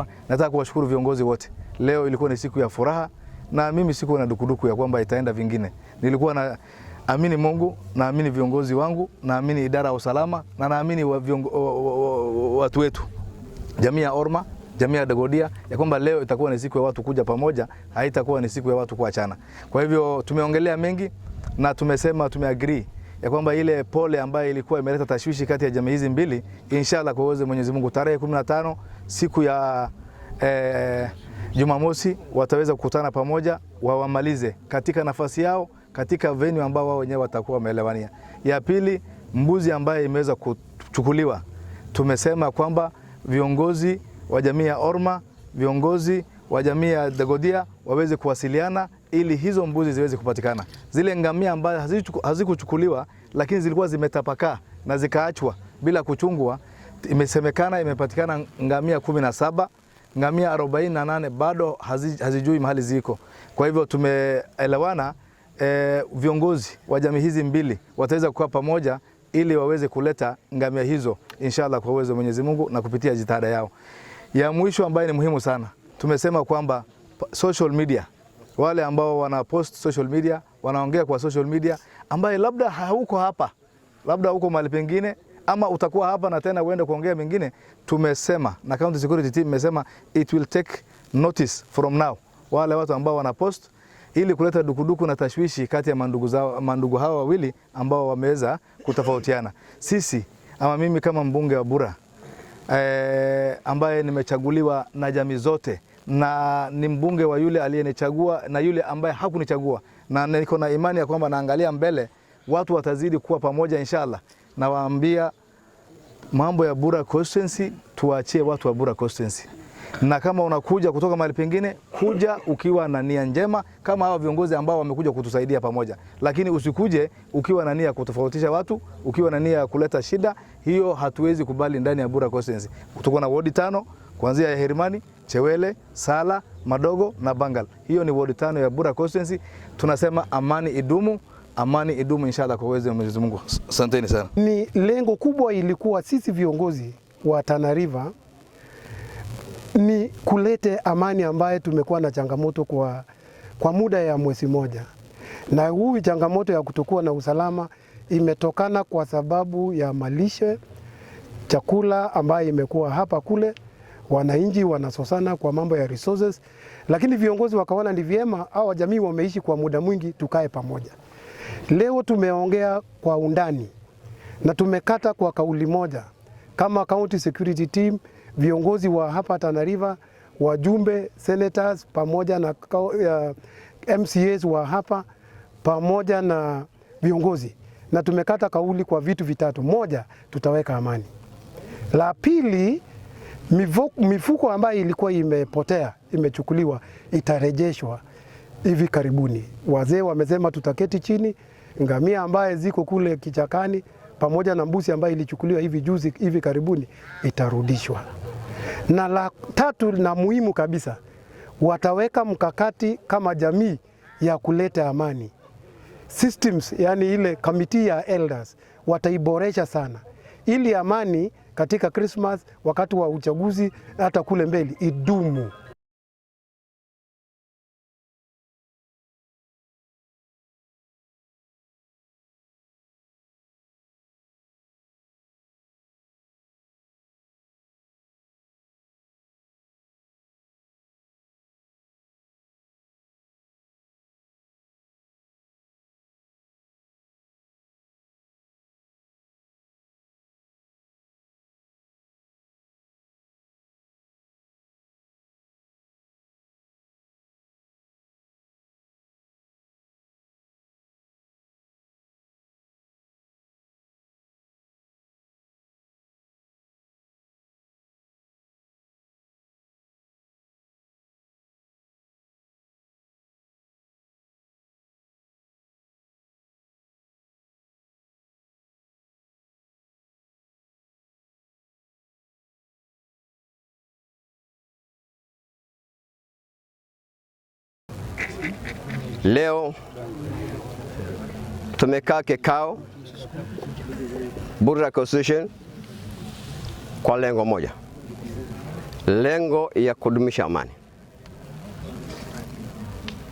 hapa. Nataka kuwashukuru viongozi wote. Leo ilikuwa ni siku ya furaha na mimi sikuwa na dukuduku ya kwamba itaenda vingine. Nilikuwa na amini Mungu, naamini viongozi wangu, naamini idara ya usalama na naamini wa watu wetu, jamii ya Orma, jamii ya Dagodia, ya kwamba leo itakuwa ni siku ya watu kuja pamoja, haitakuwa ni siku ya watu kuachana. Kwa hivyo tumeongelea mengi na tumesema tumeagree ya kwamba ile pole ambayo ilikuwa imeleta tashwishi kati ya jamii hizi mbili, inshallah kwa uwezo Mwenyezi Mungu, tarehe 15 siku ya eh, Jumamosi wataweza kukutana pamoja, wawamalize katika nafasi yao katika venue ambao wao wenyewe watakuwa wameelewania. Ya pili, mbuzi ambaye imeweza kuchukuliwa, tumesema kwamba viongozi wa jamii ya Orma, viongozi wa jamii ya Dagodia waweze kuwasiliana ili hizo mbuzi ziweze kupatikana. Zile ngamia ambazo hazikuchukuliwa lakini zilikuwa zimetapakaa na zikaachwa bila kuchungwa, imesemekana imepatikana ngamia kumi na saba, ngamia 48 na nane bado hazijui mahali ziko. Kwa hivyo tumeelewana e, viongozi wa jamii hizi mbili wataweza kukaa pamoja ili waweze kuleta ngamia hizo inshallah kwa uwezo wa Mwenyezi Mungu na kupitia jitihada yao. Ya mwisho ambayo ni muhimu sana, tumesema kwamba social media wale ambao wana post social media, wanaongea kwa social media, ambaye labda hauko hapa, labda uko mahali pengine, ama utakuwa hapa na tena uende kuongea mengine. Tumesema na county security team imesema it will take notice from now, wale watu ambao wana post ili kuleta dukuduku na tashwishi kati ya mandugu zao, mandugu hao wawili ambao wameweza kutofautiana. Sisi ama mimi kama mbunge wa Bura eh, ambaye nimechaguliwa na jamii zote na ni mbunge wa yule aliyenichagua na yule ambaye hakunichagua, na niko na imani ya kwamba naangalia mbele, watu watazidi kuwa pamoja inshallah. Nawaambia mambo ya Bura Constituency tuwaachie watu wa Bura Constituency, na kama unakuja kutoka mahali pengine, kuja ukiwa na nia njema kama hawa viongozi ambao wamekuja kutusaidia pamoja, lakini usikuje ukiwa na nia kutofautisha watu, ukiwa na nia ya kuleta shida. Hiyo hatuwezi kubali ndani ya Bura Constituency. Tuko na wodi tano kuanzia ya Herimani Chewele, Sala, Madogo na Bangal. Hiyo ni wodi tano ya Bura Constituency. Tunasema amani idumu, amani idumu inshallah kwa uwezo wa Mwenyezi Mungu. Asanteni sana. Ni lengo kubwa ilikuwa sisi viongozi wa Tana River ni kulete amani ambaye tumekuwa na changamoto kwa, kwa muda ya mwezi moja, na huu changamoto ya kutokuwa na usalama imetokana kwa sababu ya malishe chakula ambayo imekuwa hapa kule wananchi wanasosana kwa mambo ya resources, lakini viongozi wakaona ni vyema hawa jamii wameishi kwa muda mwingi, tukae pamoja. Leo tumeongea kwa undani na tumekata kwa kauli moja kama county security team, viongozi wa hapa Tana River, wajumbe senators, pamoja na MCAs wa hapa pamoja na viongozi, na tumekata kauli kwa vitu vitatu. Moja, tutaweka amani. La pili mifuko, mifuko ambayo ilikuwa imepotea imechukuliwa itarejeshwa hivi karibuni. Wazee wamesema tutaketi chini, ngamia ambaye ziko kule kichakani pamoja na mbuzi ambayo ilichukuliwa hivi juzi hivi karibuni itarudishwa. Na la tatu na muhimu kabisa, wataweka mkakati kama jamii ya kuleta amani systems, yani ile kamiti ya elders wataiboresha sana ili amani katika Krismas, wakati wa uchaguzi, hata kule mbele idumu. Leo tumekaa kikao Bursa Constitution kwa lengo moja, lengo ya kudumisha amani.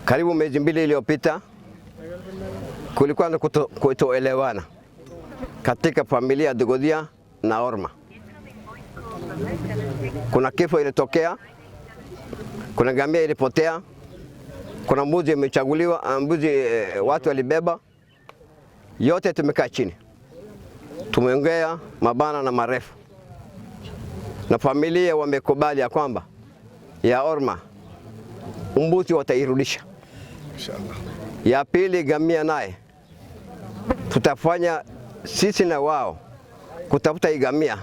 Karibu miezi mbili iliyopita kulikuwa na kutoelewana katika familia ya Digodia na Orma. Kuna kifo ilitokea, kuna ngamia ilipotea kuna mbuzi imechaguliwa, ah, mbuzi eh, watu walibeba yote. Tumekaa chini tumeongea mabana na marefu, na familia wamekubali ya kwamba ya orma mbuzi watairudisha. Ya pili gamia naye tutafanya sisi na wao kutafuta igamia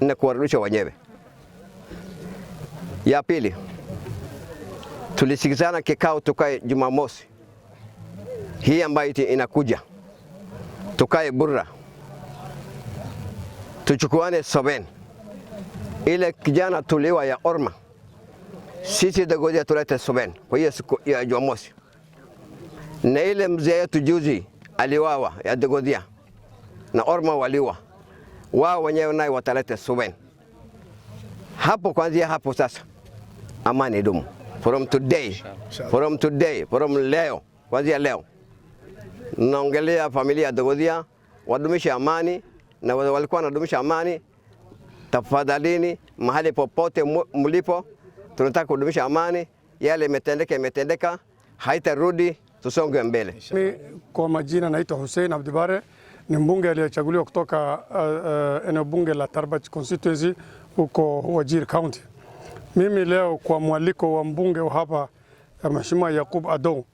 na kuwarudisha wenyewe. Ya pili tulisikizana kikao, tukae Jumamosi hii ambayo inakuja, tukae Burra tuchukuane Soben, ile kijana tuliwa ya Orma sisi Dagodia tulete Soben kwa hiyo siku ya Jumamosi, na ile mzee yetu juzi aliwawa ya Dagodia na Orma waliwa wao wenyewe naye watalete Soben hapo. Kuanzia hapo sasa amani dumu from today, from today, from leo, kuanzia leo naongelea familia ya Dogodia, wadumisha amani na walikuwa wanadumisha amani. Tafadhalini, mahali popote mlipo, tunataka kudumisha amani. Yale imetendeka imetendeka, haitarudi, tusonge mbele. Mimi kwa majina naitwa Hussein Abdibare, ni mbunge aliyechaguliwa kutoka uh, uh, eneo uh, bunge la Tarbaj constituency huko Wajir County. Mimi leo kwa mwaliko wa mbunge wa hapa eh, Mheshimiwa Yakub ado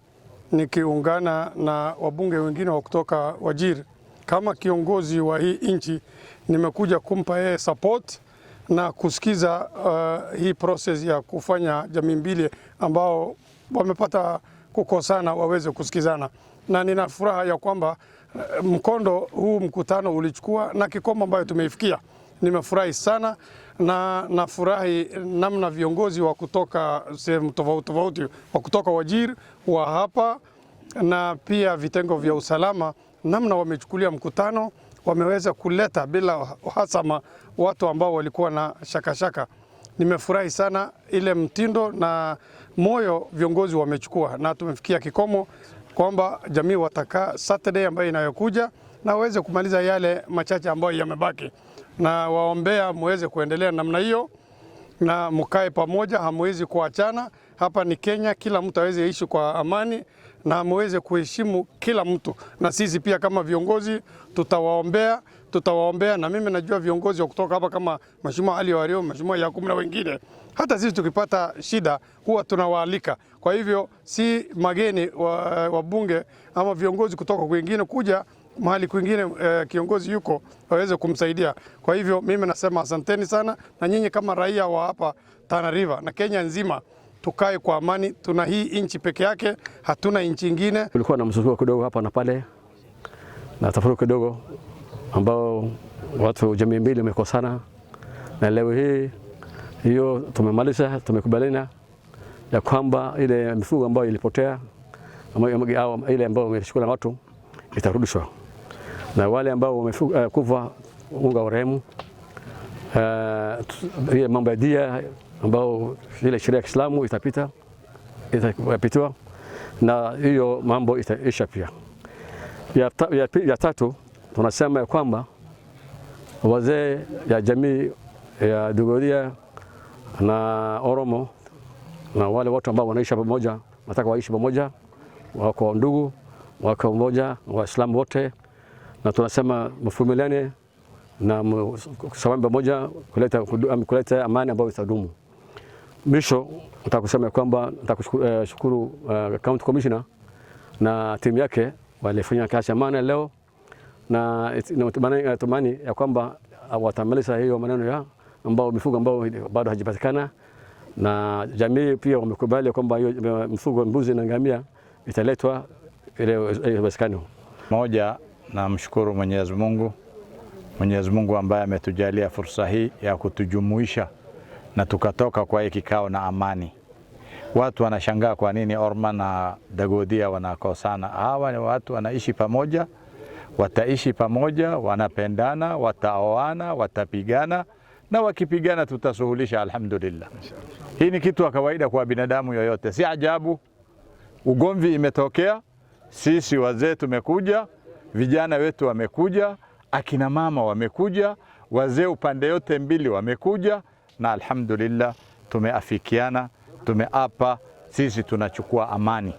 nikiungana na wabunge wengine wa kutoka Wajir kama kiongozi wa hii nchi, nimekuja kumpa yeye support na kusikiza uh, hii process ya kufanya jamii mbili ambao wamepata kukosana waweze kusikizana, na nina furaha ya kwamba eh, mkondo huu mkutano ulichukua na kikomo ambayo tumeifikia. Nimefurahi sana na nafurahi namna viongozi wa kutoka sehemu tofauti tofauti wa kutoka Wajir wa hapa na pia vitengo vya usalama namna wamechukulia mkutano, wameweza kuleta bila uhasama watu ambao walikuwa na shakashaka shaka. Nimefurahi sana ile mtindo na moyo viongozi wamechukua, na tumefikia kikomo kwamba jamii watakaa Saturday ambayo inayokuja na waweze kumaliza yale machache ambayo yamebaki na waombea muweze kuendelea namna hiyo na mkae pamoja, hamwezi kuachana. Hapa ni Kenya, kila mtu aweze ishi kwa amani na muweze kuheshimu kila mtu, na sisi pia kama viongozi tutawaombea, tutawaombea. Na mimi najua viongozi wa kutoka hapa kama Mheshimiwa Ali Wario, Mheshimiwa Yakub na wengine, hata sisi tukipata shida huwa tunawaalika. Kwa hivyo si mageni wabunge wa ama viongozi kutoka kwingine kuja mahali kwingine eh, kiongozi yuko waweze kumsaidia. Kwa hivyo mimi nasema asanteni sana, na nyinyi kama raia wa hapa Tana River na Kenya nzima tukae kwa amani. Tuna hii nchi peke yake, hatuna nchi ingine. Kulikuwa na msukumo kidogo hapa na pale na tafuru kidogo, ambao watu jamii mbili wamekosana, na leo hii hiyo tumemaliza, tumekubaliana ya kwamba ile mifugo ambayo ilipotea ile ambayo wamechukua na watu itarudishwa na wale ambao wamekufa eh, unga urehemu ile uh, mambo ya dia ambao ile sheria ya Kiislamu itapita itapitiwa na hiyo mambo itaisha. Pia ya, ya, ya tatu tunasema ya kwamba wazee ya jamii ya Dogoria na Oromo na wale watu ambao wanaishi pamoja, nataka waishi pamoja, wako ndugu, wako mmoja, Waislamu wote na tunasema mvumiliane na sababu moja kuleta, kuleta amani ambayo itadumu. Mwisho nitakusema kwamba nitakushukuru uh, eh, eh, County Commissioner na timu yake walifanya kazi amani leo, na natumani eh, ya kwamba watamaliza hiyo maneno ya ambao mifugo ambao bado hajipatikana, na jamii pia wamekubali kwamba hiyo mifugo mbuzi na ngamia italetwa ile iwezekanavyo. Moja Namshukuru Mwenyezi Mungu, Mwenyezi Mungu ambaye ametujalia fursa hii ya kutujumuisha na tukatoka kwa hii kikao na amani. Watu wanashangaa kwa nini Orma na Dagodia wanakosana. Hawa ni watu wanaishi pamoja, wataishi pamoja, wanapendana, wataoana, watapigana na wakipigana tutasuhulisha, alhamdulillah. Hii ni kitu ya kawaida kwa binadamu yoyote, si ajabu. Ugomvi imetokea, sisi wazee tumekuja Vijana wetu wamekuja, akina mama wamekuja, wazee upande yote mbili wamekuja, na alhamdulillah tumeafikiana, tumeapa sisi tunachukua amani.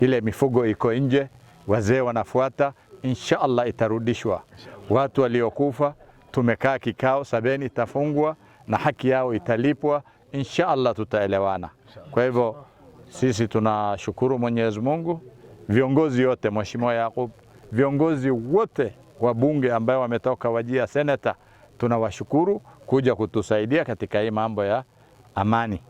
Ile mifugo iko nje, wazee wanafuata, insha Allah itarudishwa. Watu waliokufa tumekaa kikao, sabeni itafungwa na haki yao italipwa, insha Allah tutaelewana. Kwa hivyo sisi tunashukuru Mwenyezi Mungu, viongozi yote, Mheshimiwa Yakub viongozi wote wa bunge ambao wametoka wajia seneta, tunawashukuru kuja kutusaidia katika hii mambo ya amani.